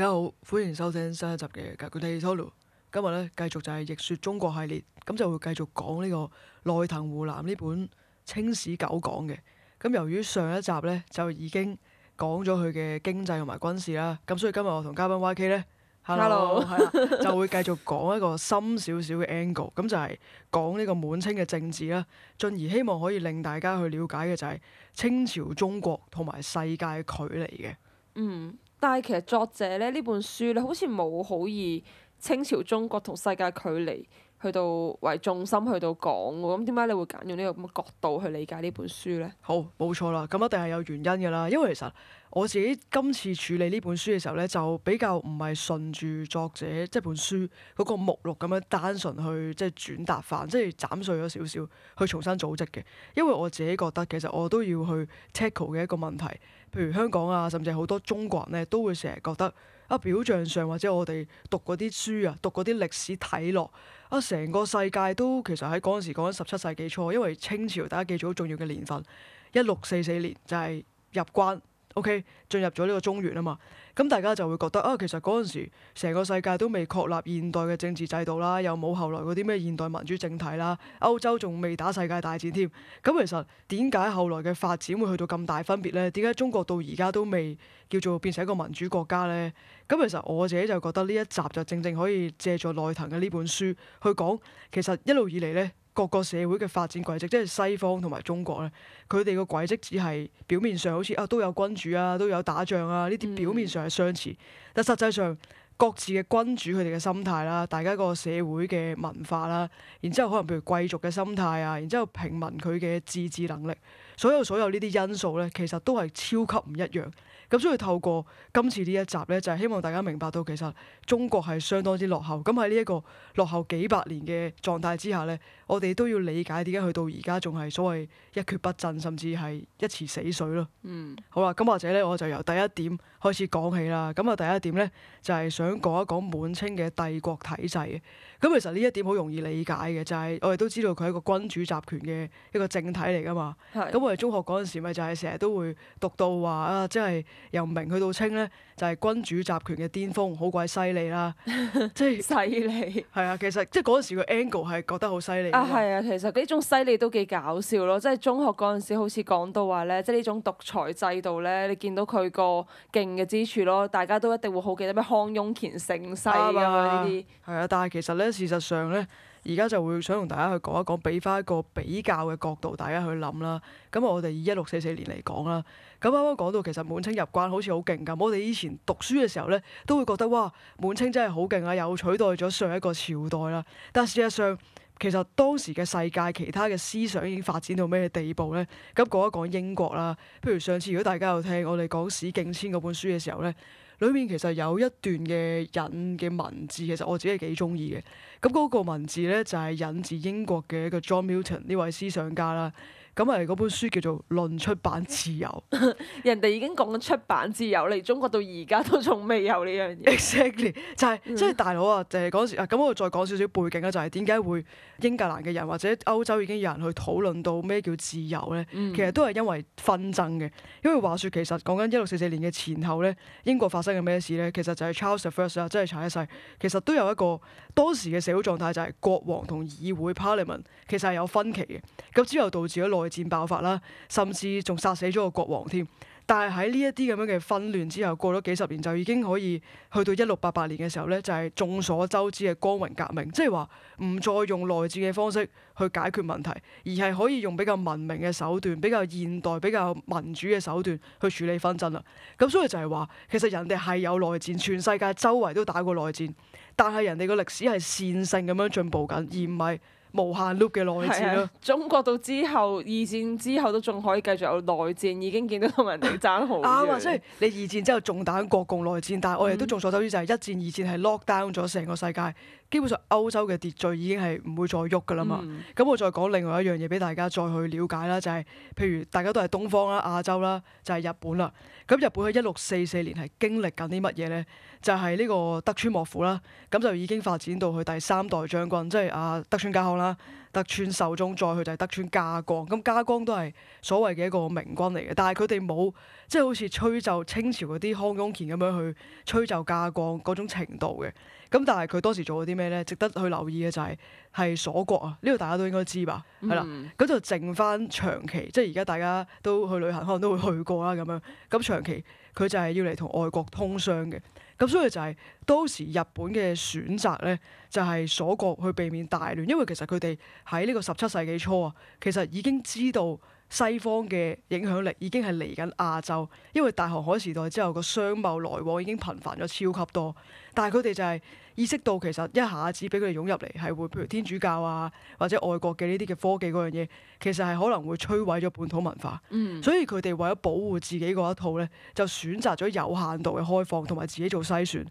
大家好，歡迎收聽新一集嘅《格局大討論》。今日咧繼續就係《逆說中國》系列，咁就會繼續講呢個內藤湖南呢本《清史九講》嘅。咁由於上一集咧就已經講咗佢嘅經濟同埋軍事啦，咁所以今日我同嘉賓 YK 咧，Hello， 就會繼續講一個深少少嘅 angle，咁就係講呢個滿清嘅政治啦，進而希望可以令大家去了解嘅就係清朝中國同埋世界嘅距離嘅。嗯、mm。Hmm. 但係其實作者咧呢本書咧好似冇好以清朝中國同世界距離去到為重心去到講喎，咁點解你會揀用呢個咁嘅角度去理解呢本書咧？好，冇錯啦，咁一定係有原因㗎啦，因為其實。我自己今次處理呢本書嘅時候呢，就比較唔係順住作者即係本書嗰個目錄咁樣單純去即係轉達翻，即係斬碎咗少少去重新組織嘅。因為我自己覺得其實我都要去 check 嘅一個問題，譬如香港啊，甚至好多中國人呢，都會成日覺得啊，表象上或者我哋讀嗰啲書啊，讀嗰啲歷史睇落啊，成個世界都其實喺嗰陣時講緊十七世紀初，因為清朝大家記住好重要嘅年份一六四四年就係入關。O.K. 進入咗呢個中原啊嘛，咁大家就會覺得啊，其實嗰陣時成個世界都未確立現代嘅政治制度啦，又冇後來嗰啲咩現代民主政體啦，歐洲仲未打世界大戰添。咁其實點解後來嘅發展會去到咁大分別咧？點解中國到而家都未叫做變成一個民主國家咧？咁其實我自己就覺得呢一集就正正可以借助內藤嘅呢本書去講，其實一路以嚟咧，各個社會嘅發展軌跡，即係西方同埋中國咧，佢哋個軌跡只係表面上好似啊，都有君主啊，都有打仗啊，呢啲表面上係相似，嗯、但實際上各自嘅君主佢哋嘅心態啦，大家個社會嘅文化啦，然之後可能譬如貴族嘅心態啊，然之後平民佢嘅自治能力，所有所有呢啲因素咧，其實都係超級唔一樣。咁所以透過今次呢一集呢，就係希望大家明白到其實中國係相當之落後。咁喺呢一個落後幾百年嘅狀態之下呢，我哋都要理解點解去到而家仲係所謂一蹶不振，甚至係一池死水咯。嗯，好啦，咁或者呢，我就由第一點開始講起啦。咁啊第一點呢，就係想講一講滿清嘅帝國體制。咁其實呢一點好容易理解嘅，就係、是、我哋都知道佢係一個君主集權嘅一個政體嚟噶嘛。咁是的 我哋中學嗰陣時咪就係成日都會讀到話啊，即、就、係、是、由明去到清咧。就係君主集權嘅巔峰，好鬼犀利啦！ 即係犀利，係 啊，其實即係嗰陣時個 Angle 係覺得好犀利啊，係啊，其實呢種犀利都幾搞笑咯！即係中學嗰陣時，好似講到話咧，即係呢種獨裁制度咧，你見到佢個勁嘅之處咯，大家都一定會好記得咩康雍乾盛世 啊呢啲，係啊，但係其實咧，事實上咧。而家就會想同大家去講一講，畀返一個比較嘅角度，大家去諗啦。咁我哋以一六四四年嚟講啦。咁啱啱講到其實滿清入關好似好勁咁，我哋以前讀書嘅時候呢，都會覺得哇滿清真係好勁啊，又取代咗上一個朝代啦。但事實上，其實當時嘅世界，其他嘅思想已經發展到咩地步呢？咁講一講英國啦。譬如上次如果大家有聽我哋講史景遷嗰本書嘅時候呢。裏面其實有一段嘅引嘅文字，其實我自己係幾中意嘅。咁嗰個文字咧就係、是、引自英國嘅一個 John Milton 呢位思想家啦。咁係嗰本書叫做《論出版自由》， 人哋已經講緊出版自由，嚟中國到而家都仲未有呢樣嘢。Exactly，就係即係大佬、就是、啊，誒嗰時啊，咁我再講少少背景啦，就係點解會英格蘭嘅人或者歐洲已經有人去討論到咩叫自由咧？其實都係因為紛爭嘅，因為話說其實講緊一六四四年嘅前後咧，英國發生嘅咩事咧？其實就係 Charles the First 啊，真係查一世。其實都有一個當時嘅社會狀態就係、是、國王同議會 Parliament 其實係有分歧嘅，咁之後導致咗內戰爆發啦，甚至仲殺死咗個國王添。但係喺呢一啲咁樣嘅紛亂之後，過咗幾十年就已經可以去到一六八八年嘅時候呢就係、是、眾所周知嘅光榮革命，即係話唔再用內戰嘅方式去解決問題，而係可以用比較文明嘅手段、比較現代、比較民主嘅手段去處理紛爭啦。咁所以就係話，其實人哋係有內戰，全世界周圍都打過內戰，但係人哋個歷史係線性咁樣進步緊，而唔係。無限 loop 嘅內戰咯，中國到之後二戰之後都仲可以繼續有內戰，已經見到同人哋爭好遠啊嘛， 所以你二戰之後仲打緊國共內戰，但係我哋都眾所周知就係一戰二戰係 lock down 咗成個世界。基本上歐洲嘅秩序已經係唔會再喐㗎啦嘛，咁、嗯、我再講另外一樣嘢俾大家再去了解啦，就係、是、譬如大家都係東方啦、亞洲啦，就係、是、日本啦。咁日本喺一六四四年係經歷緊啲乜嘢呢？就係、是、呢個德川幕府啦，咁就已經發展到去第三代將軍，即係阿德川家康啦。德川秀忠再去就係德川家光，咁家光都係所謂嘅一個明君嚟嘅，但係佢哋冇即係好似吹奏清朝嗰啲康雍乾咁樣去吹奏家光嗰種程度嘅，咁但係佢當時做咗啲咩呢？值得去留意嘅就係、是、係鎖國啊，呢個大家都應該知吧，係、嗯、啦，咁就剩翻長期，即係而家大家都去旅行，可能都會去過啦咁樣，咁長期佢就係要嚟同外國通商嘅。咁所以就係、是、當時日本嘅選擇呢，就係、是、鎖國去避免大亂，因為其實佢哋喺呢個十七世紀初啊，其實已經知道。西方嘅影響力已經係嚟緊亞洲，因為大航海時代之後個商貿來往已經頻繁咗超級多，但係佢哋就係意識到其實一下子俾佢哋湧入嚟係會，譬如天主教啊，或者外國嘅呢啲嘅科技嗰樣嘢，其實係可能會摧毀咗本土文化，嗯、所以佢哋為咗保護自己嗰一套呢，就選擇咗有限度嘅開放同埋自己做篩選。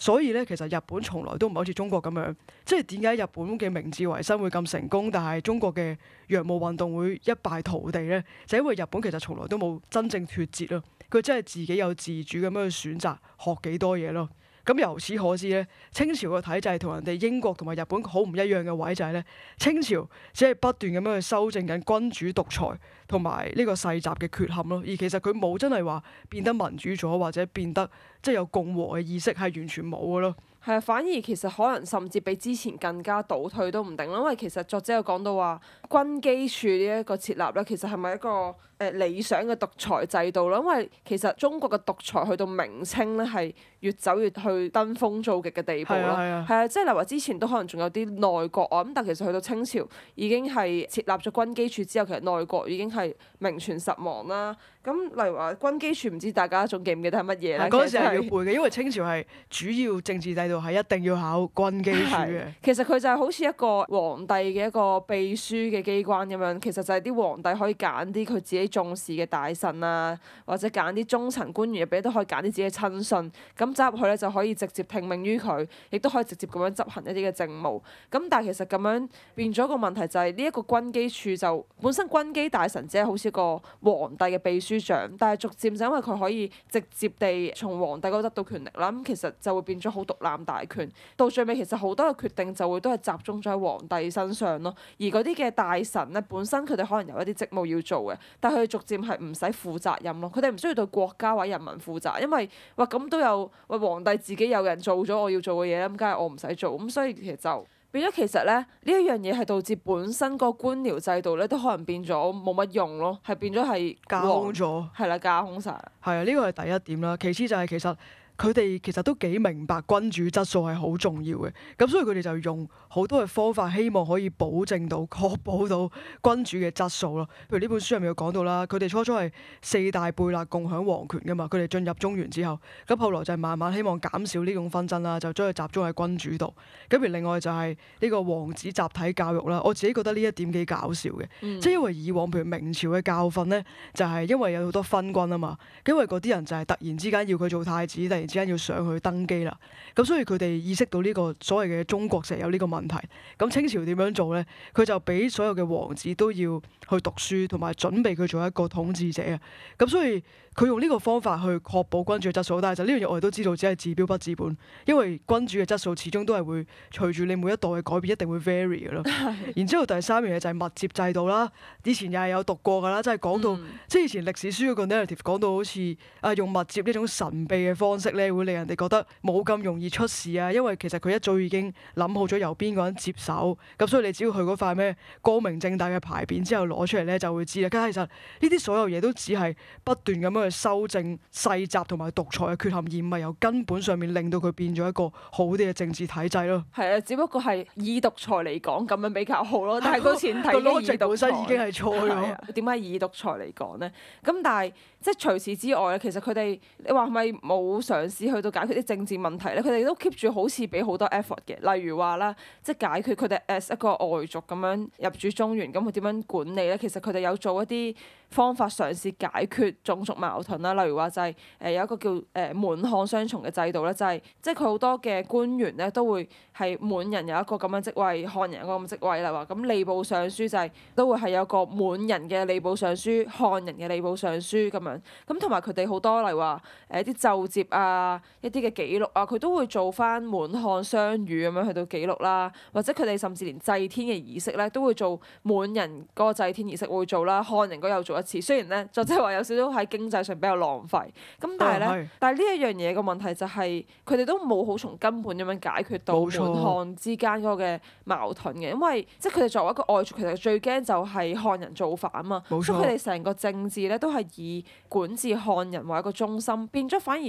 所以咧，其實日本從來都唔係好似中國咁樣，即係點解日本嘅明治維新會咁成功，但係中國嘅洋務運動會一敗塗地咧，就是、因為日本其實從來都冇真正脫節咯，佢真係自己有自主咁樣去選擇學幾多嘢咯。咁由此可知咧，清朝個體制同人哋英國同埋日本好唔一樣嘅位就係、是、咧，清朝只係不斷咁樣去修正緊君主獨裁同埋呢個世襲嘅缺陷咯，而其實佢冇真係話變得民主咗，或者變得即係有共和嘅意識，係完全冇㗎咯。係啊，反而其實可能甚至比之前更加倒退都唔定啦，因為其實作者有講到話軍機處呢一個設立咧，其實係咪一個誒、呃、理想嘅獨裁制度咧？因為其實中國嘅獨裁去到明清咧係越走越去登峰造極嘅地步咯，係啊，啊，啊，即係例如話之前都可能仲有啲內閣啊，咁但其實去到清朝已經係設立咗軍機處之後，其實內閣已經係名存實亡啦。咁例如話軍機處唔知大家仲記唔記得係乜嘢咧？嗰陣時係要背嘅。 因為清朝係主要政治制度係一定要考軍機處嘅。其實佢就係好似一個皇帝嘅一個秘書嘅機關咁樣，其實就係啲皇帝可以揀啲佢自己重視嘅大臣啊，或者揀啲中層官員入邊都可以揀啲自己親信。咁加入去咧就可以直接聽命於佢，亦都可以直接咁樣執行一啲嘅政務，咁但係其實咁樣變咗一個問題，就係就係呢一個軍機處就本身軍機大臣只係好似個皇帝嘅秘書。主掌，但係逐漸就因為佢可以直接地從皇帝嗰度得到權力啦，咁其實就會變咗好獨攬大權。到最尾其實好多嘅決定就會都係集中咗喺皇帝身上咯。而嗰啲嘅大臣咧，本身佢哋可能有一啲職務要做嘅，但係佢哋逐漸係唔使負責任咯。佢哋唔需要對國家或者人民負責，因為話咁都有喂，皇帝自己有人做咗我要做嘅嘢，咁梗係我唔使做。咁所以其實就。變咗其實咧，呢一樣嘢係導致本身個官僚制度咧都可能變咗冇乜用咯，係變咗係架空咗，係啦，架空晒。係啊，呢個係第一點啦。其次就係其實。佢哋其實都幾明白君主質素係好重要嘅，咁所以佢哋就用好多嘅方法，希望可以保證到確保到君主嘅質素咯。譬如呢本書入面有講到啦，佢哋初初係四大貝勒共享皇權噶嘛，佢哋進入中原之後，咁後來就係慢慢希望減少呢種紛爭啦，就將佢集中喺君主度。咁而另外就係呢個王子集體教育啦，我自己覺得呢一點幾搞笑嘅，嗯、即係因為以往譬如明朝嘅教訓呢，就係、是、因為有好多昏君啊嘛，因為嗰啲人就係突然之間要佢做太子定。突然之間要上去登基啦，咁所以佢哋意識到呢、這個所謂嘅中國確實係有呢個問題，咁清朝點樣做呢？佢就俾所有嘅王子都要去讀書，同埋準備佢做一個統治者啊，咁所以。佢用呢個方法去確保君主嘅質素，但係就呢樣嘢我哋都知道，只係治標不治本，因為君主嘅質素始終都係會隨住你每一代嘅改變，一定會 vary 嘅咯。 然之後第三樣嘢就係密接制度啦，以前又係有讀過㗎啦，即係講到、嗯、即係以前歷史書嗰個 narrative 講到好似啊用密接呢種神秘嘅方式咧，會令人哋覺得冇咁容易出事啊，因為其實佢一早已經諗好咗由邊個人接手，咁所以你只要去嗰塊咩光明正大嘅牌匾之後攞出嚟咧，就會知啦。咁其實呢啲所有嘢都只係不斷咁樣。 修正、世襲同埋獨裁嘅缺陷，而唔係由根本上面令到佢變咗一個好啲嘅政治體制咯。係啊，只不過係以獨裁嚟講咁樣比較好咯。但係個前提，個邏輯本身已經係錯嘅。點解以獨裁嚟講咧？咁但係。即係除此之外咧，其實佢哋你話係咪冇嘗試去到解決啲政治問題咧？佢哋都 keep 住好似俾好多 effort 嘅，例如話啦，即解決佢哋 as 一個外族咁樣入主中原，咁佢點樣管理咧？其實佢哋有做一啲方法嘗試解決種族矛盾啦。例如話就係誒有一個叫誒滿漢雙重嘅制度咧，就係即佢好多嘅官員咧都會係滿人有一個咁樣職位，漢人有一個咁樣職位啦。話咁吏部尚書就係、是、都會係有個滿人嘅吏部尚書，漢人嘅吏部尚書咁樣。咁同埋佢哋好多，例如話一啲奏摺啊，一啲嘅記錄啊，佢都會做翻滿漢雙語咁樣去到記錄啦、啊，或者佢哋甚至連祭天嘅儀式咧都會做滿人嗰個祭天儀式會做啦、啊，漢人嗰又做一次。雖然咧就即係話有少少喺經濟上比較浪費，咁但係咧，啊、但係呢一樣嘢個問題就係佢哋都冇好從根本咁樣解決到滿漢之間嗰個嘅矛盾嘅，錯因為即係佢哋作為一個外族，其實最驚就係漢人造反啊嘛，咁佢哋成個政治咧都係以管治漢人為一個中心，變咗反而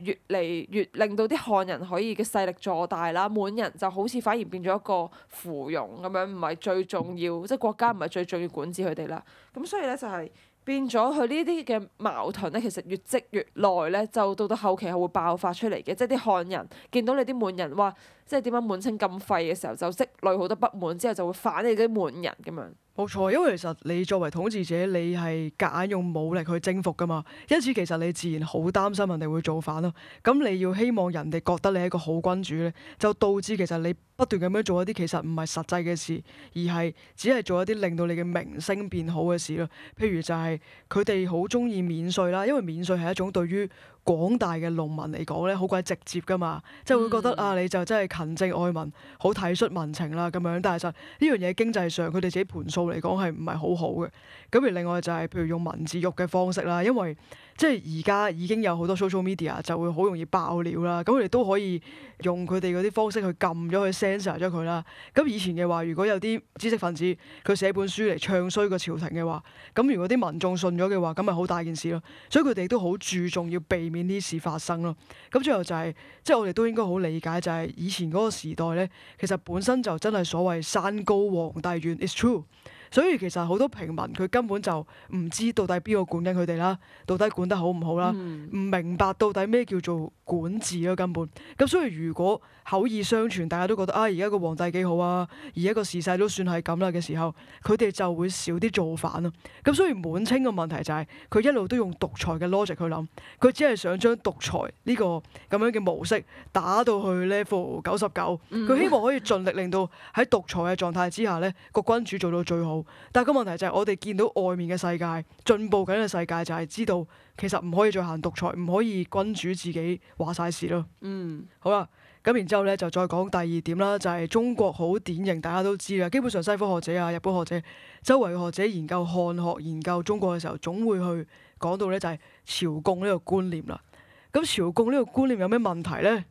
越嚟越令到啲漢人可以嘅勢力坐大啦，滿人就好似反而變咗一個附庸咁樣，唔係最重要，即係國家唔係最重要管治佢哋啦。咁所以咧就係變咗佢呢啲嘅矛盾咧，其實越積越耐咧，就到到後期係會爆發出嚟嘅，即係啲漢人見到你啲滿人話。即係點解滿清咁廢嘅時候，就積累好多不滿，之後就會反你啲滿人咁樣。冇錯，因為其實你作為統治者，你係夾硬用武力去征服㗎嘛，因此其實你自然好擔心人哋會造反咯。咁你要希望人哋覺得你係一個好君主咧，就導致其實你不斷咁樣做一啲其實唔係實際嘅事，而係只係做一啲令到你嘅名聲變好嘅事咯。譬如就係佢哋好中意免稅啦，因為免稅係一種對於。廣大嘅農民嚟講咧，好鬼直接噶嘛，即係會覺得、嗯、啊，你就真係勤政愛民，好體恤民情啦咁樣。但係實呢樣嘢經濟上，佢哋自己盤數嚟講係唔係好好嘅。咁而另外就係、是、譬如用文字獄嘅方式啦，因為。即係而家已經有好多 social media，就會好容易爆料啦。咁佢哋都可以用佢哋嗰啲方式去撳咗佢、censor 咗佢啦。咁以前嘅話，如果有啲知識分子佢寫本書嚟唱衰個朝廷嘅話，咁如果啲民眾信咗嘅話，咁咪好大件事咯。所以佢哋都好注重要避免呢事發生咯。咁最後就係、是，即係我哋都應該好理解，就係以前嗰個時代呢，其實本身就真係所謂山高皇帝遠，it's true。所以其實好多平民佢根本就唔知到底邊個管緊佢哋啦，到底管得好唔好啦，唔明白到底咩叫做管治咯，根本咁，所以如果口耳相傳，大家都覺得啊，而家個皇帝幾好啊，而家個時勢都算係咁啦嘅時候，佢哋就會少啲造反咯。咁所以滿清嘅問題就係、是、佢一路都用獨裁嘅 logic 去諗，佢只係想將獨裁呢個咁樣嘅模式打到去 level 九十九，佢希望可以盡力令到喺獨裁嘅狀態之下呢、那個君主做到最好。但係個問題就係我哋見到外面嘅世界進步緊嘅世界，世界就係知道。其實唔可以再行獨裁，唔可以君主自己話晒事咯。嗯，好，好啦，咁然之後咧就再講第二點啦，就係、是、中國好典型，大家都知啦。基本上西方學者啊、日本學者、周圍嘅學者研究漢學、研究中國嘅時候，總會去講到咧就係朝貢呢個觀念啦。咁朝貢呢個觀念有咩問題咧？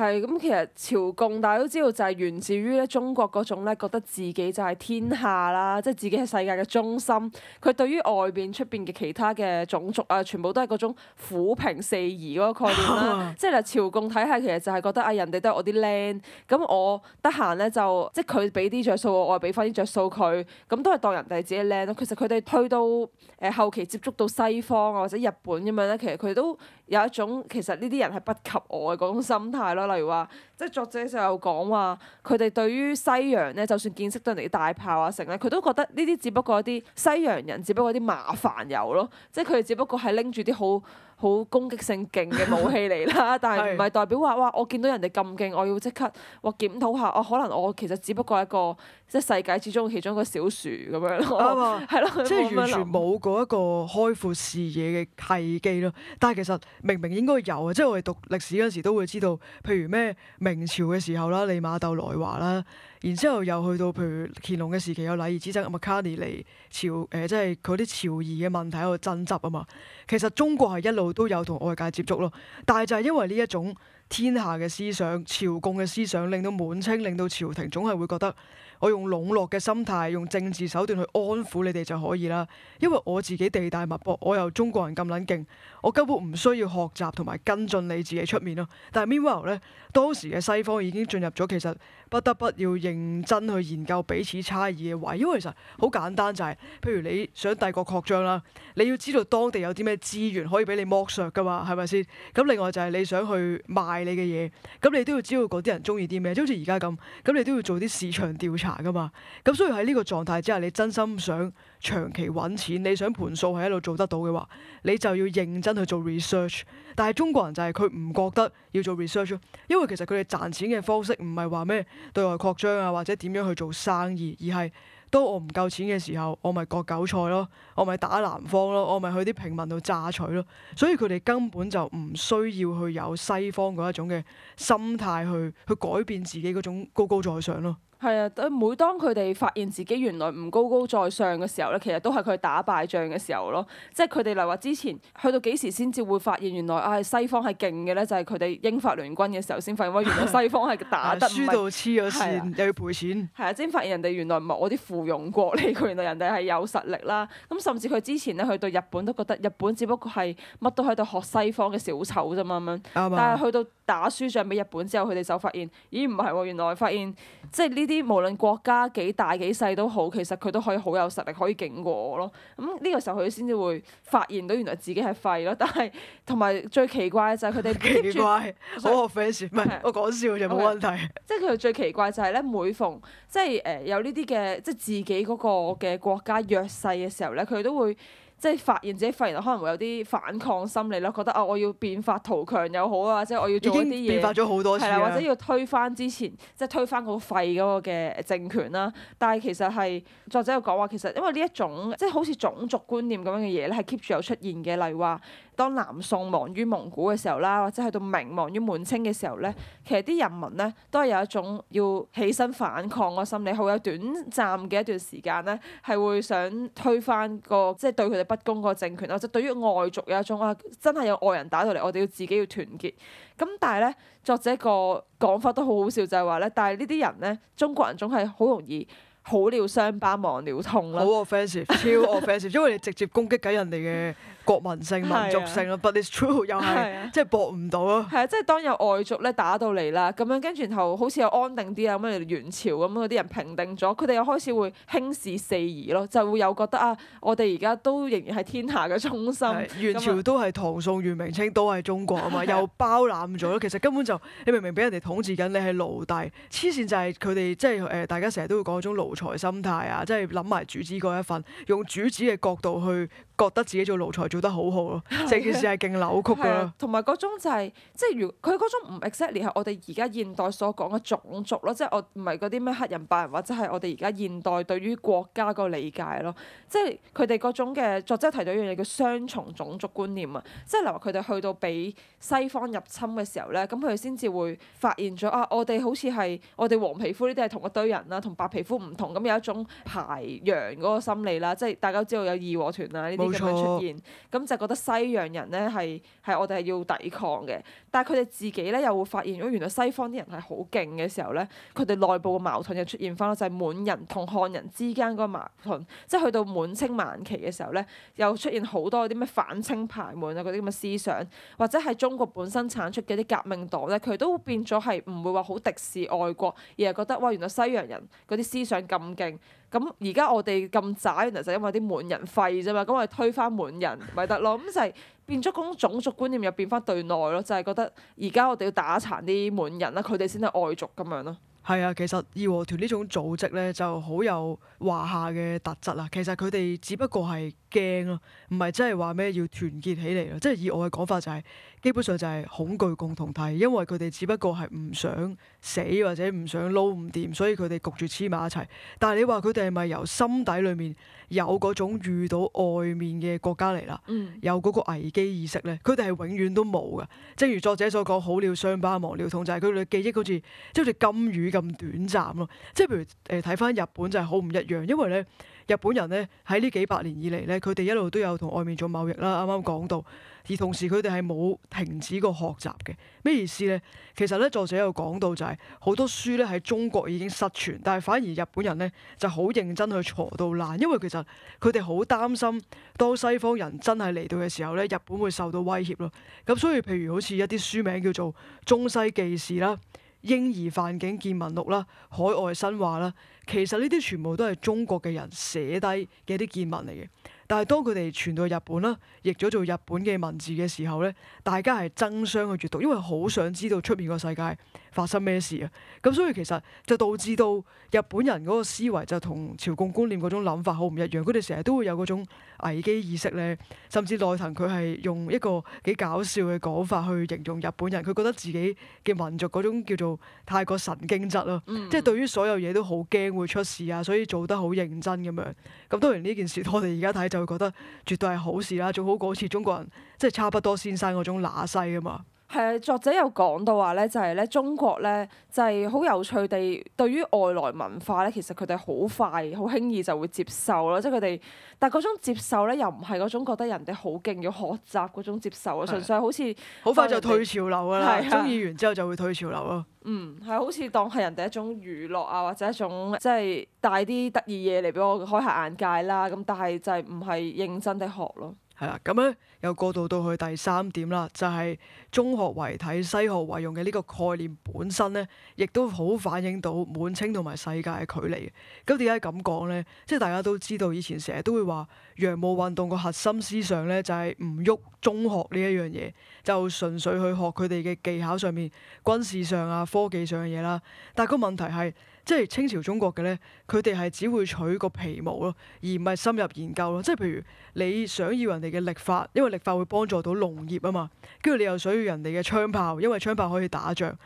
係咁，其實朝貢，大家都知道就係源自於咧中國嗰種咧覺得自己就係天下啦，即、就、係、是、自己係世界嘅中心。佢對於外邊出邊嘅其他嘅種族啊，全部都係嗰種撫平四夷嗰個概念啦。即係嗱，朝貢體系、啊就是，其實就係覺得啊，人哋都係我啲靚，咁我得閒咧就即係佢俾啲着數，我我俾翻啲着數佢，咁都係當人哋自己靚咯。其實佢哋推到誒、呃、後期接觸到西方或者日本咁樣咧，其實佢都～有一種其實呢啲人係不及我嘅嗰種心態咯，例如話，即、就、係、是、作者就有講話，佢哋對於西洋咧，就算見識到人哋啲大炮啊成咧，佢都覺得呢啲只，只不過一啲西洋人，就是、只不過啲麻煩友咯，即係佢哋只不過係拎住啲好。好攻擊性勁嘅武器嚟啦， 但係唔係代表話哇，我見到人哋咁勁，我要即刻話檢討下，我可能我其實只不過係一個即係世界之中其中一個小樹咁樣咯，係咯， 啦即係完全冇嗰一個開闊視野嘅契機咯。但係其實明明應該有啊，即係我哋讀歷史嗰時都會知道，譬如咩明朝嘅時候啦，利瑪竇來華啦。然之後又去到譬如乾隆嘅時期有禮儀之爭咁啊，麥卡尼嚟朝誒，即係佢啲朝儀嘅問題喺度爭執啊嘛。其實中國係一路都有同外界接觸咯，但係就係因為呢一種天下嘅思想、朝貢嘅思想，令到滿清、令到朝廷總係會覺得我用籠絡嘅心態、用政治手段去安撫你哋就可以啦。因為我自己地大物博，我又中國人咁撚勁。我根本唔需要學習同埋跟進你自己出面咯。但係 Meanwhile 咧，當時嘅西方已經進入咗其實不得不要認真去研究彼此差異嘅位，因為其實好簡單就係，譬如你想帝國擴張啦，你要知道當地有啲咩資源可以俾你剝削噶嘛，係咪先？咁另外就係你想去賣你嘅嘢，咁你都要知道嗰啲人中意啲咩，即好似而家咁，咁你都要做啲市場調查噶嘛。咁所以喺呢個狀態之下，你真心想，長期揾錢，你想盤數喺度做得到嘅話，你就要認真去做 research。但係中國人就係佢唔覺得要做 research，因為其實佢哋賺錢嘅方式唔係話咩對外擴張啊，或者點樣去做生意，而係當我唔夠錢嘅時候，我咪割韭菜咯，我咪打南方咯，我咪去啲平民度榨取咯。所以佢哋根本就唔需要去有西方嗰一種嘅心態去去改變自己嗰種高高在上咯。係啊，每當佢哋發現自己原來唔高高在上嘅時候咧，其實都係佢打敗仗嘅時候咯。即係佢哋例如話之前去到幾時先至會發現原來唉、哎、西方係勁嘅咧，就係佢哋英法聯軍嘅時候先發現，哇，原來西方係打得、 啊、輸到黐咗線，又、啊、要賠錢。係啊，先、啊、發現人哋原來唔係我啲附庸國嚟嘅，原來人哋係有實力啦。咁甚至佢之前咧去到日本都覺得日本只不過係乜都喺度學西方嘅小丑啫嘛咁樣。吧但係去到打輸仗俾日本之後，佢哋就發現，咦唔係喎，原來發現即係呢啲無論國家幾大幾細都好，其實佢都可以好有實力可以勁過我咯。咁、嗯、呢、呢個時候佢先至會發現到原來自己係廢咯。但係同埋最奇怪嘅就係佢哋奇怪，以我 fans 唔係我講笑就冇 okay, 問題。即係佢最奇怪就係咧，每逢即係誒、呃、有呢啲嘅即係自己嗰個嘅國家弱勢嘅時候咧，佢都會。即係發現自己廢人，可能會有啲反抗心理啦，覺得啊、哦，我要變法圖強又好啊，即係我要做一啲嘢，係啦，或者要推翻之前，即係推翻嗰個廢嗰個嘅政權啦。但係其實係作者又講話，其實因為呢一種即係好似種族觀念咁樣嘅嘢咧，係 keep 住有出現嘅，例如話。當南宋亡於蒙古嘅時候啦，或者去到明亡於滿清嘅時候咧，其實啲人民咧都係有一種要起身反抗個心理，好有短暫嘅一段時間咧，係會想推翻個即係、就是、對佢哋不公個政權或者係對於外族有一種啊，真係有外人打到嚟，我哋要自己要團結。咁但係咧，作者個講法都好好笑，就係話咧，但係呢啲人咧，中國人總係好容易。好了傷疤忘了痛啦。好 offensive，超 offensive， 因為你直接攻擊緊人哋嘅國民性、民族性啦。是啊、But it's true，又係是、啊、即係搏唔到咯。係啊，即係當有外族咧打到嚟啦，咁樣跟住然後好似又安定啲啊，咁樣元朝咁樣嗰啲人平定咗，佢哋又開始會輕視四夷咯，就會有覺得啊，我哋而家都仍然係天下嘅中心。啊、樣元朝都係唐宋元明清都係中國啊嘛，又包攬咗咯。 其實根本就你明明俾人哋統治緊，你係奴隸。黐線就係佢哋即係誒，大家成日都會講嗰種奴。奴才心態啊，即係諗埋主子嗰一份，用主子嘅角度去覺得自己做奴才做得好好咯，成的件事係勁扭曲噶。同埋嗰種就係、是，即係如佢嗰種唔 exactly 係我哋而家現代所講嘅種族咯，即係我唔係嗰啲咩黑人白人話，或者係我哋而家現代對於國家個理解咯，即係佢哋嗰種嘅作者提到一樣嘢叫雙重種族觀念啊，即係例如佢哋去到俾西方入侵嘅時候咧，咁佢哋先至會發現咗啊，我哋好似係我哋黃皮膚呢啲係同一堆人啦，同白皮膚唔同，咁有一種排洋嗰個心理啦，即係大家知道有義和團啊呢啲咁嘅出現，咁錯就覺得西洋人咧係係我哋係要抵抗嘅。但係佢哋自己咧又會發現，如果原來西方啲人係好勁嘅時候咧，佢哋內部嘅矛盾又出現翻咯，就係、是、滿人同漢人之間嗰個矛盾，即、就、係、是、去到滿清晚期嘅時候咧，又出現好多啲咩反清排滿啊嗰啲咁嘅思想，或者係中國本身產出嘅啲革命黨咧，佢都變咗係唔會話好敵視外國，而係覺得哇原來西洋人嗰啲思想。.咁勁，咁而家我哋咁渣，原來就因為啲滿人廢啫嘛，咁我哋推翻滿人咪得咯，咁 就係、是、變咗嗰種種族觀念又變返對內咯，就係、是、覺得而家我哋要打殘啲滿人啦，佢哋先係外族咁樣咯。係啊，其實義和團呢種組織咧就好有華夏嘅特質啊，其實佢哋只不過係驚咯，唔係真係話咩要團結起嚟咯，即係以我嘅講法就係、是。基本上就係恐懼共同體，因為佢哋只不過係唔想死或者唔想撈唔掂，所以佢哋焗住黐埋一齊。但係你話佢哋係咪由心底裏面有嗰種遇到外面嘅國家嚟啦，嗯、有嗰個危機意識呢，佢哋係永遠都冇㗎。正如作者所講，好了傷疤忘了痛，就係佢哋嘅記憶好似即係好似金魚咁短暫咯。即係譬如誒睇翻日本就係好唔一樣，因為呢日本人呢，喺呢幾百年以嚟呢，佢哋一路都有同外面做貿易啦。啱啱講到。而同時佢哋係冇停止過學習嘅，咩意思呢？其實咧，作者有講到就係好多書咧喺中國已經失傳，但係反而日本人呢就好認真去鋤到爛，因為其實佢哋好擔心當西方人真係嚟到嘅時候咧，日本會受到威脅咯。咁所以譬如好似一啲書名叫做《中西記事》啦，《英夷犯境見聞錄》啦，《海外新話》啦，其實呢啲全部都係中國嘅人寫低嘅一啲見聞嚟嘅。但係當佢哋傳到日本啦，譯咗做日本嘅文字嘅時候呢，大家係爭相去閱讀，因為好想知道出面個世界。發生咩事啊？咁所以其實就導致到日本人嗰個思維就同朝貢觀念嗰種諗法好唔一樣。佢哋成日都會有嗰種危機意識咧，甚至內藤佢係用一個幾搞笑嘅講法去形容日本人。佢覺得自己嘅民族嗰種叫做太過神經質咯，嗯、即係對於所有嘢都好驚會出事啊，所以做得好認真咁樣。咁當然呢件事我哋而家睇就會覺得絕對係好事啦，仲好過好似中國人即係差不多先生嗰種乸西啊嘛。係啊，作者有講到話咧，就係咧中國咧，就係好有趣地對於外來文化咧，其實佢哋好快、好輕易就會接受咯，即係佢哋，但係嗰種接受咧，又唔係嗰種覺得人哋好勁要學習嗰種接受啊，純粹好似好快就退潮流噶啦，中意完之後就會退潮流咯。嗯，係好似當係人哋一種娛樂啊，或者一種即係帶啲得意嘢嚟俾我開下眼界啦。咁但係就係唔係認真地學咯。係啦，咁咧又過渡到去第三點啦，就係中學為體，西學為用嘅呢個概念本身咧，亦都好反映到滿清同埋世界嘅距離。咁點解咁講咧？即係大家都知道，以前成日都會話洋務運動個核心思想咧，就係唔喐中學呢一樣嘢，就純粹去學佢哋嘅技巧上面、軍事上啊、科技上嘅嘢啦。但係個問題係。即係清朝中國嘅呢，佢哋係只會取個皮毛咯，而唔係深入研究咯。即係譬如你想要人哋嘅歷法，因為歷法會幫助到農業啊嘛。跟住你又想要人哋嘅槍炮，因為槍炮可以打仗。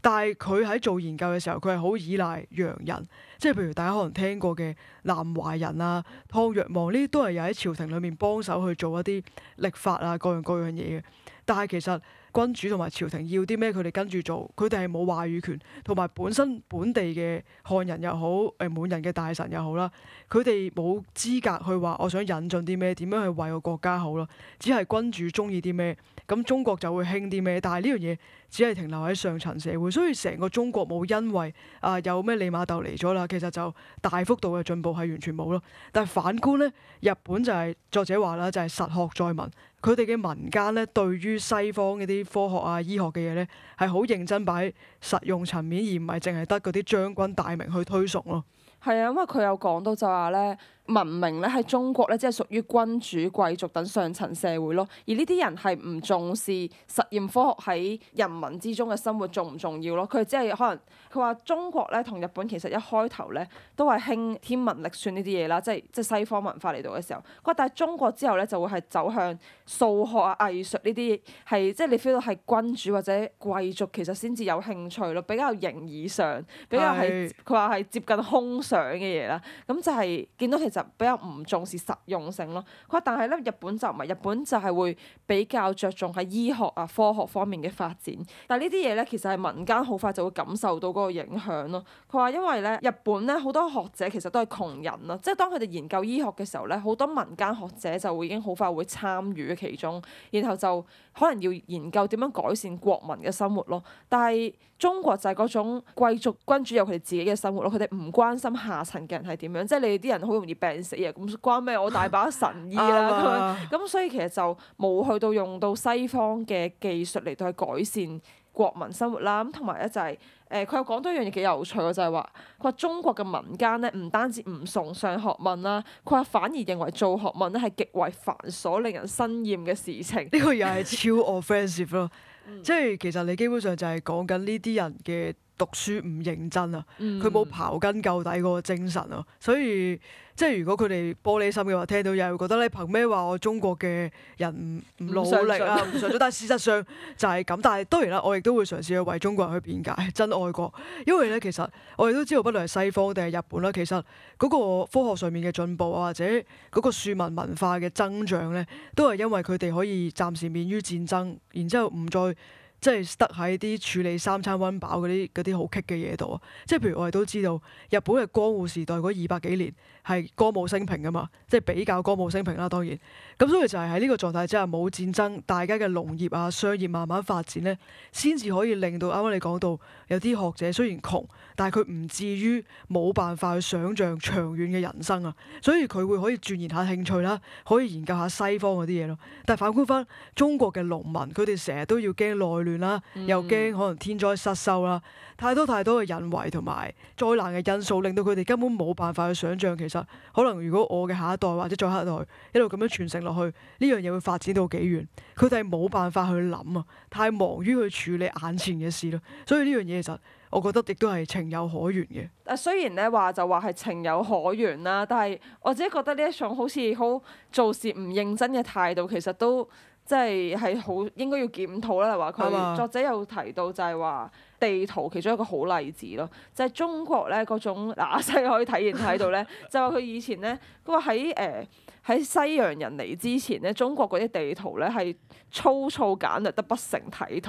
但係佢喺做研究嘅時候，佢係好依賴洋人。即係譬如大家可能聽過嘅南懷仁啊、湯若望呢啲，都係有喺朝廷裏面幫手去做一啲歷法啊各樣各樣嘢嘅。但係其實，君主同埋朝廷要啲咩，佢哋跟住做，佢哋係冇話語權，同埋本身本地嘅漢人又好，誒滿人嘅大臣又好啦，佢哋冇資格去話我想引進啲咩，點樣去為個國家好咯，只係君主中意啲咩，咁中國就會興啲咩，但係呢樣嘢。只係停留喺上層社會，所以成個中國冇因為啊有咩利瑪竇嚟咗啦，其實就大幅度嘅進步係完全冇咯。但反觀呢，日本就係作者話啦，就係實學在民，佢哋嘅民間呢，對於西方嗰啲科學啊、醫學嘅嘢呢，係好認真擺實用層面，而唔係淨係得嗰啲將軍大名去推崇咯。係啊，因為佢有講到就話呢。文明咧喺中國咧，即係屬於君主、貴族等上層社會咯。而呢啲人係唔重視實驗科學喺人民之中嘅生活重唔重要咯？佢只係可能佢話中國咧同日本其實一開頭咧都係興天文曆算呢啲嘢啦，即係即係西方文化嚟到嘅時候。佢話但係中國之後咧就會係走向數學啊、藝術呢啲，係即係你 feel 到係君主或者貴族其實先至有興趣咯，比較形而上，比較係佢話係接近空想嘅嘢啦。咁就係見到其實。就比較唔重視實用性咯。佢話：但係咧，日本就唔係，日本就係會比較着重喺醫學啊、科學方面嘅發展。但係呢啲嘢咧，其實係民間好快就會感受到嗰個影響咯。佢話：因為咧，日本咧好多學者其實都係窮人咯，即係當佢哋研究醫學嘅時候咧，好多民間學者就會已經好快會參與其中，然後就可能要研究點樣改善國民嘅生活咯。但係中國就係嗰種貴族君主有佢哋自己嘅生活咯，佢哋唔關心下層嘅人係點樣，即係你啲人好容易病死啊，咁關咩？我大把神醫啦，咁、 啊、所以其實就冇去到用到西方嘅技術嚟到去改善國民生活啦，咁同埋咧就係誒佢又講到一樣嘢幾有趣嘅就係、是、話，佢話中國嘅民間咧唔單止唔崇尚學問啦，佢話反而認為做學問咧係極為繁瑣、令人生厭嘅事情。呢個又係超 offensive 咯。 即係，其實你基本上就係講緊呢啲人嘅。讀書唔認真啊！佢冇刨根究底嗰個精神啊，所以即係如果佢哋玻璃心嘅話，聽到又會覺得你憑咩話我中國嘅人唔努力唔上進啊？但事實上就係咁。但係當然啦，我亦都會嘗試去為中國人去辯解，真愛國。因為呢，其實我哋都知道，不論係西方定係日本啦，其實嗰個科學上面嘅進步啊，或者嗰個庶民文化嘅增長呢，都係因為佢哋可以暫時免於戰爭，然之後唔再。即係得喺啲處理三餐温飽嗰啲啲好棘嘅嘢度啊！即係譬如我哋都知道，日本嘅江戶時代嗰二百幾年係歌舞升平㗎嘛，即係比較歌舞升平啦，當然咁所以就係喺呢個狀態之下冇戰爭，大家嘅農業啊、商業慢慢發展呢，先至可以令到啱啱你講到有啲學者雖然窮，但係佢唔至於冇辦法去想像長遠嘅人生啊，所以佢會可以鑽研下興趣啦，可以研究下西方嗰啲嘢咯。但係反觀返中國嘅農民，佢哋成日都要驚內亂。啦，嗯、又驚可能天災失收啦，太多太多嘅人為同埋災難嘅因素，令到佢哋根本冇辦法去想象，其實可能如果我嘅下一代或者再下一代一路咁樣傳承落去，呢樣嘢會發展到幾遠？佢哋係冇辦法去諗啊，太忙於去處理眼前嘅事咯。所以呢樣嘢，其實我覺得亦都係情有可原嘅。誒，雖然咧話就話係情有可原啦，但係我自己覺得呢一種好似好做事唔認真嘅態度，其實都。即係係好應該要檢討啦，係話佢作者有提到就係話。地圖其中一個好例子咯，就係、是、中國咧嗰種嗱、啊，西可以體現睇到咧，就話佢以前咧，佢話喺誒喺西洋人嚟之前咧，中國嗰啲地圖咧係粗糙簡略得不成體統。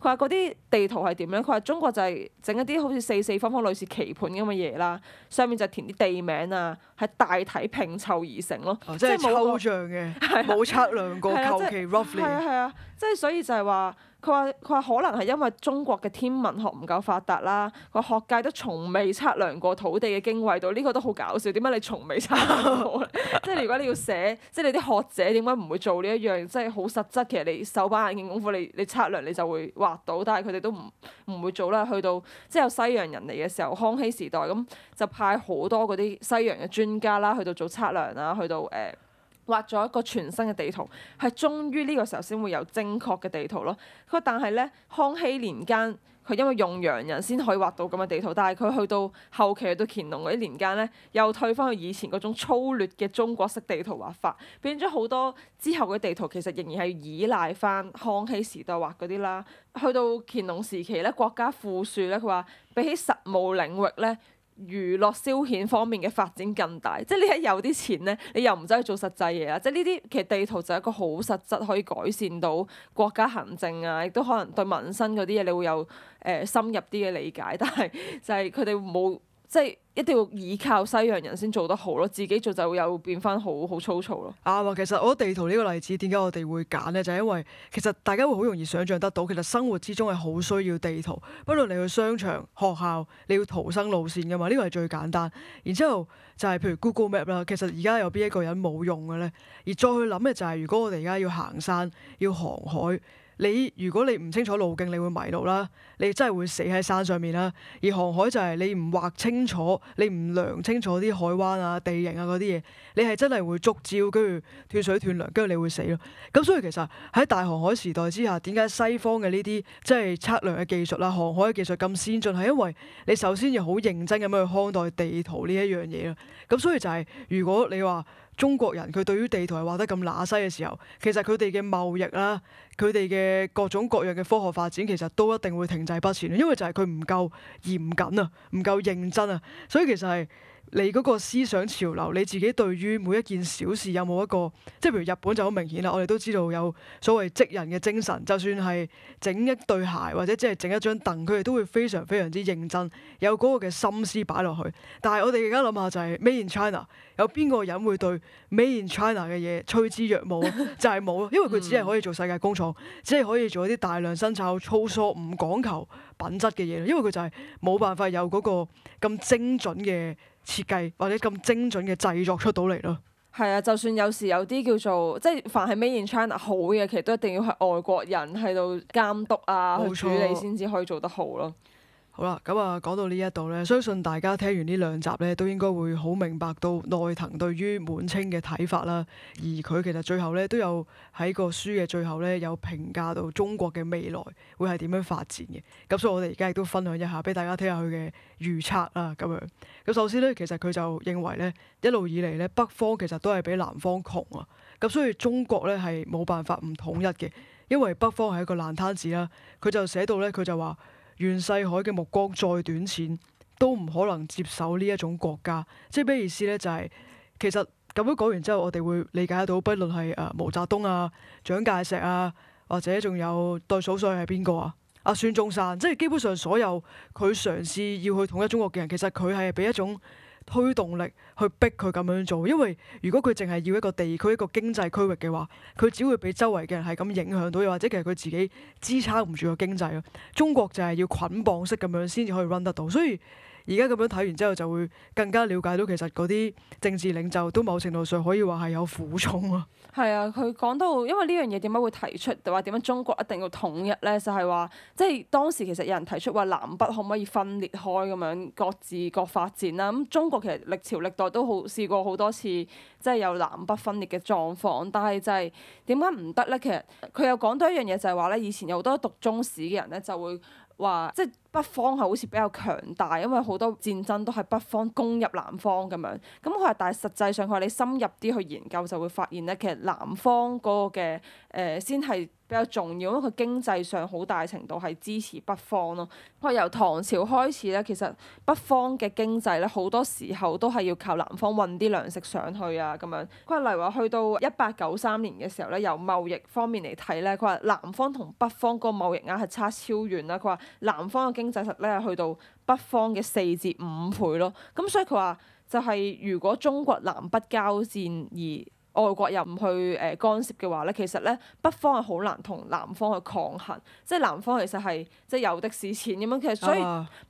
佢話嗰啲地圖係點樣？佢話中國就係整一啲好似四四方方類似棋盤咁嘅嘢啦，上面就填啲地名啊，係大體拼湊而成咯，即係、啊就是那個、抽象嘅，冇測量過，求其 roughly。啊係啊，即係所以就係話。佢話：佢話可能係因為中國嘅天文學唔夠發達啦，個學界都從未測量過土地嘅經緯度，呢個都好搞笑。點解你從未測量過？ 即係如果你要寫，即係你啲學者點解唔會做呢一樣？即係好實質，其實你手板眼見功夫，你你測量你就會畫到，但係佢哋都唔唔會做啦。去到即係有西洋人嚟嘅時候，康熙時代咁就派好多嗰啲西洋嘅專家啦，去到做測量啦，去到誒。呃畫咗一個全新嘅地圖，係終於呢個時候先會有正確嘅地圖咯。佢但係咧，康熙年間佢因為用洋人先可以畫到咁嘅地圖，但係佢去到後期去到乾隆嗰啲年間咧，又退翻去以前嗰種粗劣嘅中國式地圖畫法，變咗好多之後嘅地圖其實仍然係依賴翻康熙時代畫嗰啲啦。去到乾隆時期咧，國家富庶咧，佢話比起實務領域咧。娛樂消遣方面嘅發展更大，即係你一有啲錢咧，你又唔使去做實際嘢啦。即係呢啲其實地圖就係一個好實質，可以改善到國家行政啊，亦都可能對民生嗰啲嘢你會有誒、呃、深入啲嘅理解，但係就係佢哋冇。即係一定要依靠西洋人先做得好咯，自己做就有變翻好好粗糙咯。啊，其實我覺得地圖呢個例子點解我哋會揀呢？就係因為其實大家會好容易想像得到，其實生活之中係好需要地圖，不論你去商場、學校，你要逃生路線噶嘛，呢個係最簡單。然之後就係譬如 Google Map 啦，其實而家有邊一個人冇用嘅呢？而再去諗嘅就係如果我哋而家要行山、要航海。你如果你唔清楚路徑，你會迷路啦；你真係會死喺山上面啦。而航海就係你唔畫清楚，你唔量清楚啲海灣啊、地形啊嗰啲嘢，你係真係會觸礁，跟住斷水斷糧，跟住你會死咯。咁所以其實喺大航海時代之下，點解西方嘅呢啲即係測量嘅技術啦、航海嘅技術咁先進，係因為你首先要好認真咁樣去看待地圖呢一樣嘢啦。咁所以就係如果你話，中國人佢對於地圖係畫得咁乸西嘅時候，其實佢哋嘅貿易啦，佢哋嘅各種各樣嘅科學發展，其實都一定會停滯不前，因為就係佢唔夠嚴謹啊，唔夠認真啊，所以其實係。你嗰個思想潮流，你自己對於每一件小事有冇一個？即係譬如日本就好明顯啦，我哋都知道有所謂職人嘅精神。就算係整一對鞋或者即係整一張凳，佢哋都會非常非常之認真，有嗰個嘅心思擺落去。但係我哋而家諗下就係 Made in China，有邊個人會對 Made in China 嘅嘢趨之若鶩啊？就係冇咯，因為佢只係可以做世界工廠， 只係可以做一啲大量生產、粗疏唔講求品質嘅嘢。因為佢就係冇辦法有嗰個咁精準嘅。設計或者咁精準嘅製作出到嚟咯，係啊，就算有時有啲叫做即係凡係 Made in China 好嘅，其實都一定要係外國人喺度監督啊，冇錯，去處理先至可以做得好咯。好啦，咁啊，講到呢一度咧，相信大家聽完呢兩集咧，都應該會好明白到內藤對於滿清嘅睇法啦。而佢其實最後咧，都有喺個書嘅最後咧，有評價到中國嘅未來會係點樣發展嘅。咁所以，我哋而家亦都分享一下俾大家聽下佢嘅預測啦，咁樣。咁首先咧，其實佢就認為咧，一路以嚟咧，北方其實都係比南方窮啊。咁所以，中國咧係冇辦法唔統一嘅，因為北方係一個爛攤子啦。佢就寫到咧，佢就話。袁世凱嘅目光再短淺，都唔可能接受呢一種國家。即係咩意思呢？就係、是、其實咁樣講完之後，我哋會理解到，不論係誒毛澤東啊、蔣介石啊，或者仲有代數上係邊個啊？阿、啊、孫中山，即係基本上所有佢嘗試要去統一中國嘅人，其實佢係俾一種。推動力去逼佢咁樣做，因為如果佢淨係要一個地區一個經濟區域嘅話，佢只會俾周圍嘅人係咁影響到，又或者其實佢自己支撐唔住個經濟咯。中國就係要捆綁式咁樣先至可以 run 得到，所以。而家咁樣睇完之後，就會更加了解到其實嗰啲政治領袖都某程度上可以話係有苦衷啊。係啊，佢講到因為呢樣嘢點解會提出，就話點解中國一定要統一咧？就係話即係當時其實有人提出話南北可唔可以分裂開咁樣各自各發展啦。咁，嗯，中國其實歷朝歷代都好試過好多次，即係有南北分裂嘅狀況，但係就係點解唔得咧？其實佢又講到一樣嘢就係話咧，以前有好多讀中史嘅人咧就會。話即北方係好似比較強大，因為好多戰爭都係北方攻入南方咁樣。咁佢話，但係實際上佢話你深入啲去研究就會發現咧，其實南方嗰個嘅誒、呃、先係。比較重要，因為佢經濟上好大程度係支持北方咯。佢話由唐朝開始咧，其實北方嘅經濟咧好多時候都係要靠南方運啲糧食上去啊咁樣。佢話例如話去到一八九三年嘅時候咧，由貿易方面嚟睇咧，佢話南方同北方個貿易額係差超遠啦。佢話南方嘅經濟實力係去到北方嘅四至五倍咯。咁所以佢話就係如果中國南北交戰而外國又唔去誒干涉嘅話咧，其實咧北方係好難同南方去抗衡，即係南方其實係即係有的是錢咁樣，其實所以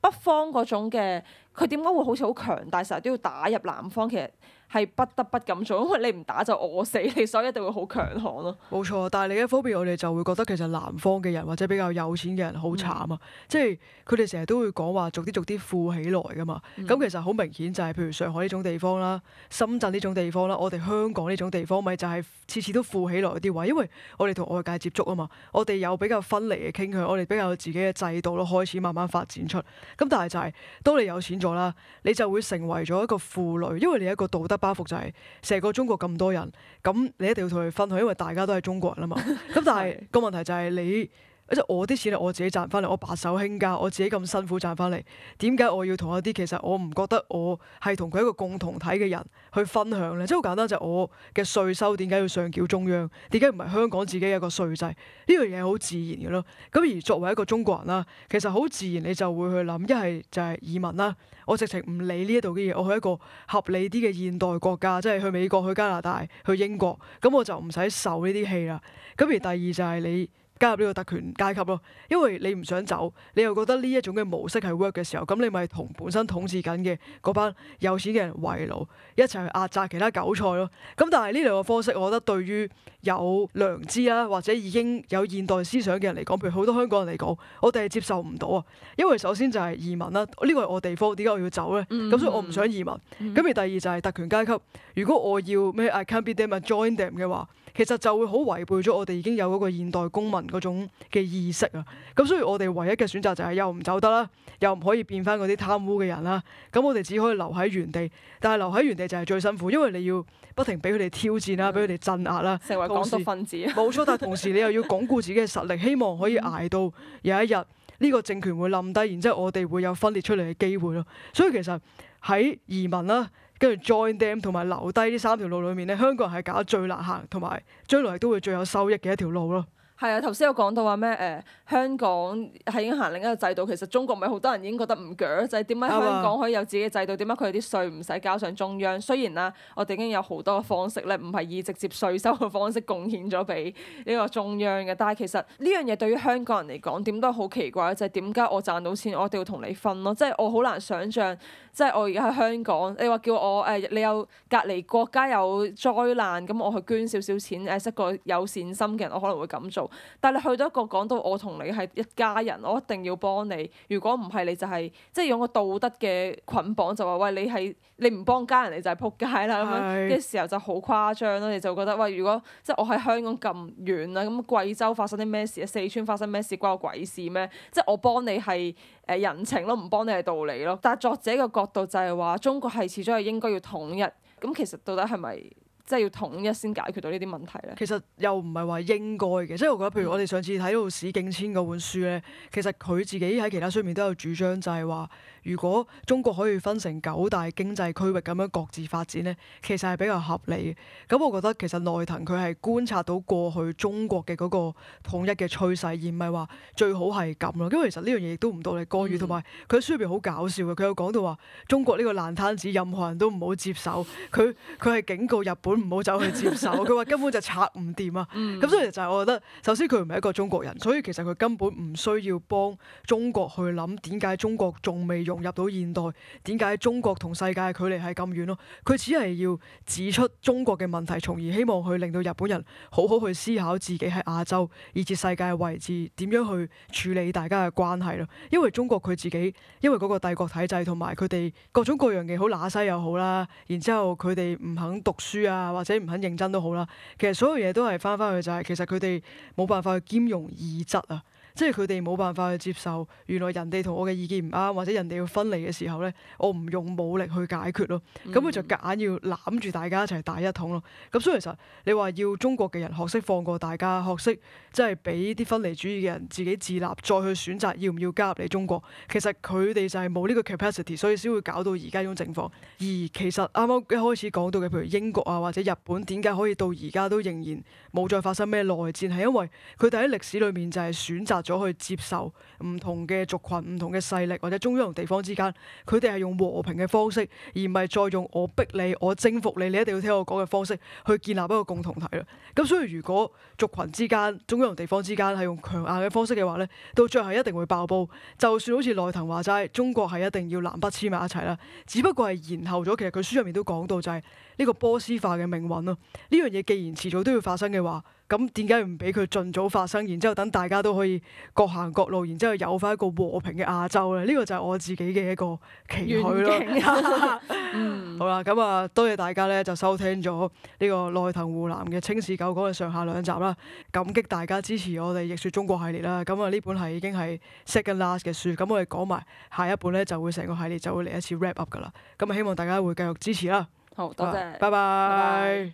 北方嗰種嘅佢點解會好似好強大，成日都要打入南方其實。係不得不咁做，因為你唔打就餓死，你所以一定會好強悍咯。冇錯，但係另一方面，我哋就會覺得其實南方嘅人或者比較有錢嘅人好慘啊，嗯、即係佢哋成日都會講話逐啲逐啲富起來㗎嘛。咁、嗯、其實好明顯就係、是，譬如上海呢種地方啦、深圳呢種地方啦、我哋香港呢種地方，咪就係次次都富起來嗰啲位，因為我哋同外界接觸啊嘛，我哋有比較分離嘅傾向，我哋比較有自己嘅制度咯，開始慢慢發展出。咁但係就係、是、當你有錢咗啦，你就會成為咗一個富女，因為你一個道德包袱就係、是、成個中國咁多人，咁你一定要同佢哋分享，因為大家都係中國人啦嘛。咁但係個問題就係你。即係我啲錢咧，我自己賺翻嚟，我白手興家，我自己咁辛苦賺翻嚟，點解我要同一啲其實我唔覺得我係同佢一個共同體嘅人去分享呢？即係好簡單，就係我嘅稅收點解要上繳中央？點解唔係香港自己一個稅制？呢樣嘢好自然嘅咯。咁而作為一個中國人啦，其實好自然你就會去諗，一係就係移民啦。我直情唔理呢一度嘅嘢，我去一個合理啲嘅現代國家，即係去美國、去加拿大、去英國，咁我就唔使受呢啲氣啦。咁而第二就係你。加入呢個特權階級咯，因為你唔想走，你又覺得呢一種嘅模式係 work 嘅時候，咁你咪同本身統治緊嘅嗰班有錢嘅人圍爐，一齊去壓榨其他韭菜咯。咁但係呢兩個方式，我覺得對於有良知啦，或者已經有現代思想嘅人嚟講，譬如好多香港人嚟講，我哋係接受唔到啊。因為首先就係移民啦，呢、呢個係我地方，點解我要走呢？咁、mm hmm. 所以我唔想移民。咁、mm hmm. 而第二就係特權階級，如果我要咩，I can't beat them, join them 嘅話，其實就會好違背咗我哋已經有嗰個現代公民嗰種嘅意識啊！咁所以我哋唯一嘅選擇就係又唔走得啦，又唔可以變翻嗰啲貪污嘅人啦。咁我哋只可以留喺原地，但係留喺原地就係最辛苦，因為你要不停俾佢哋挑戰啦，俾佢哋鎮壓啦。成為港獨分子。冇錯時， 但係同時你又要鞏固自己嘅實力，希望可以捱到有一日呢個政權會冧低，然之後我哋會有分裂出嚟嘅機會咯。所以其實喺移民啦，跟住 join them 同埋留低呢三條路裏面咧，香港人係搞得最難行，同埋將來都會最有收益嘅一條路咯。係啊，頭先我講到話咩？誒、呃、香港係已經行另一個制度，其實中國咪好多人已經覺得唔就仔，就係點解香港可以有自己嘅制度？點解佢啲稅唔使交上中央？雖然啦，我哋已經有好多嘅方式咧，唔係以直接稅收嘅方式貢獻咗俾呢個中央嘅，但係其實呢樣嘢對於香港人嚟講，點都好奇怪，就係點解我賺到錢，我一定要同你分咯？即係我好難想像，即係我而家喺香港，你話叫我誒、呃，你有隔離國家有災難，咁我去捐少少錢誒，識個有善心嘅人，我可能會咁做。但你去到一個講到我同你係一家人，我一定要幫你。如果唔係你就係、是、即係用個道德嘅捆綁，就話喂你係你唔幫家人你就係撲街啦咁樣。嘅時候就好誇張咯，你就覺得喂如果即係我喺香港咁遠啦，咁貴州發生啲咩事啊，四川發生咩事關我鬼事咩？即係我幫你係誒人情咯，唔幫你係道理咯。但係作者嘅角度就係話中國係始終係應該要統一。咁其實到底係咪？即係要統一先解決到呢啲問題咧。其實又唔係話應該嘅，即係我覺得，譬如我哋上次睇到史景遷嗰本書咧， 其實佢自己喺其他書面都有主張，就係話。如果中國可以分成九大經濟區域咁樣各自發展呢，其實係比較合理嘅。咁我覺得其實內藤佢係觀察到過去中國嘅嗰個統一嘅趨勢，而唔係話最好係咁咯。因為其實呢樣嘢亦都唔到你干預。同埋佢喺書入面好搞笑嘅，佢有講到話「中國呢個爛攤子任何人都唔好接手。」佢佢係警告日本唔好走去接手。佢話 根本就拆唔掂啊！咁、嗯、所以就係我覺得，首先佢唔係一個中國人，所以其實佢根本唔需要幫中國去諗點解中國仲未用。 融入到現代，點解中國同世界距離係咁遠咯？佢只係要指出中國嘅問題，從而希望佢令到日本人好好去思考自己喺亞洲以至世界嘅位置，點樣去處理大家嘅關係咯？因為中國佢自己因為嗰個帝國體制同埋佢哋各種各樣嘅好嗱西又好啦，然之後佢哋唔肯讀書啊，或者唔肯認真都好啦。其實所有嘢都係翻翻去就係、是、其實佢哋冇辦法去兼容異質啊。即係佢哋冇辦法去接受，原來人哋同我嘅意見唔啱，或者人哋要分離嘅時候咧，我唔用武力去解決咯，咁佢就夾硬要攬住大家一齊打一統咯。咁所以其實你話要中國嘅人學識放過大家，學識即係俾啲分離主義嘅人自己自立，再去選擇要唔要加入嚟中國。其實佢哋就係冇呢個 capacity，所以先會搞到而家呢種情況。而其實啱啱一開始講到嘅，譬如英國啊或者日本，點解可以到而家都仍然冇再發生咩內戰？係因為佢哋喺歷史裏面就係選擇咗去接受唔同嘅族群、唔同嘅勢力，或者中央同地方之間，佢哋係用和平嘅方式，而唔係再用我逼你、我征服你，你一定要聽我講嘅方式去建立一個共同體啦。咁所以如果族群之間、中央同地方之間係用強硬嘅方式嘅話呢，到最後係一定會爆煲。就算好似內藤話齋，中國係一定要南北黐埋一齊啦，只不過係延後咗。其實佢書入面都講到就係呢個波斯化嘅命運咯。呢樣嘢既然遲早都要發生嘅話，咁點解唔俾佢盡早發生？然之後等大家都可以各行各路，然之後有翻一個和平嘅亞洲咧？呢、這個就係我自己嘅一個期許咯。嗯，好啦，咁啊，多謝大家咧就收聽咗呢個內藤湖南嘅《清史九講》嘅上下兩集啦。感激大家支持我哋《逆説中國》系列啦。咁啊，呢本係已經係 second last 嘅書，咁我哋講埋下一本咧就會成個系列就會嚟一次 wrap up 㗎啦。咁啊，希望大家會繼續支持啦。好多謝好，拜拜。拜拜拜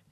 拜